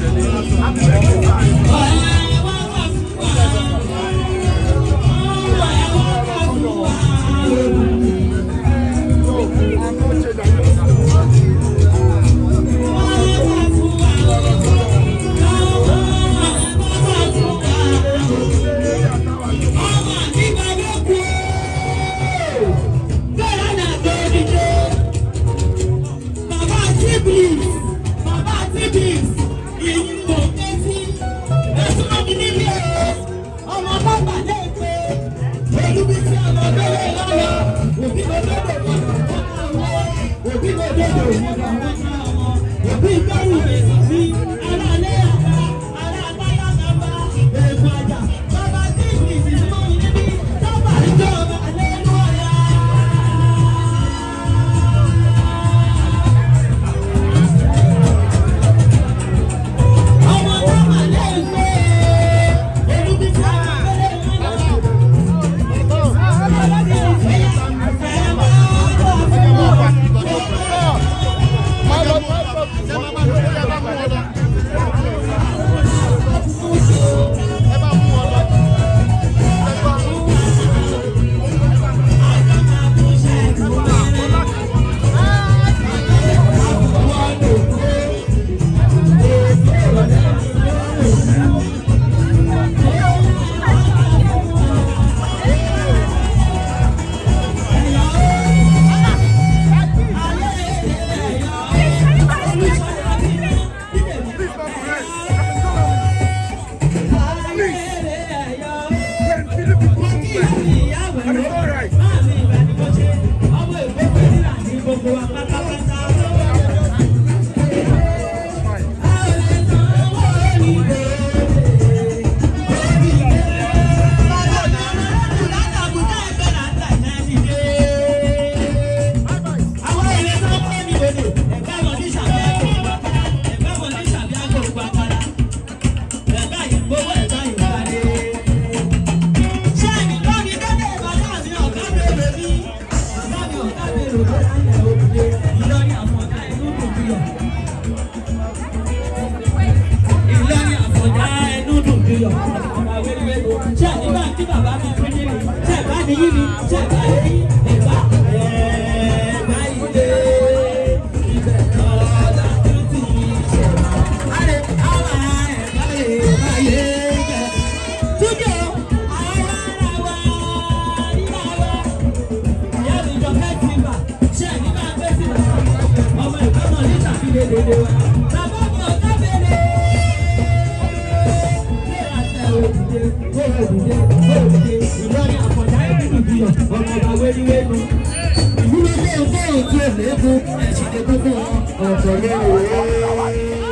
危ない。If he Córdoba. yọ̀ ọ̀rọ̀ àwẹ̀lẹ̀wẹ̀lẹ̀ ṣé nígbà tí bàbá mi fi ní mi ṣé bá ní yí mi ṣé bá ní yí ẹ̀bá ẹ̀ẹ́dá ìdè ibẹ̀ lọ́la tó ti ṣe wá. àrẹ àwa ẹ̀bá ẹ̀bá yé kẹ́ túnjọ ara ara wa nígbà wa ìyá mi jọ fẹ́ ti bà ṣé nígbà fẹ́ ti bà ọmọ ìbámu ní ìtàkùn lè lè wa. òdìdé òdìdé ìlọrin àkọ́dá ìdúdú bíyọ̀ ọmọ ọba wéríwéru. ìwúlọ́lé ọgọ́rùn-ún tí ò léegun ẹ̀sìn ẹ̀dẹ́gbẹ́gbẹ́ ọ̀pọ̀ lóore.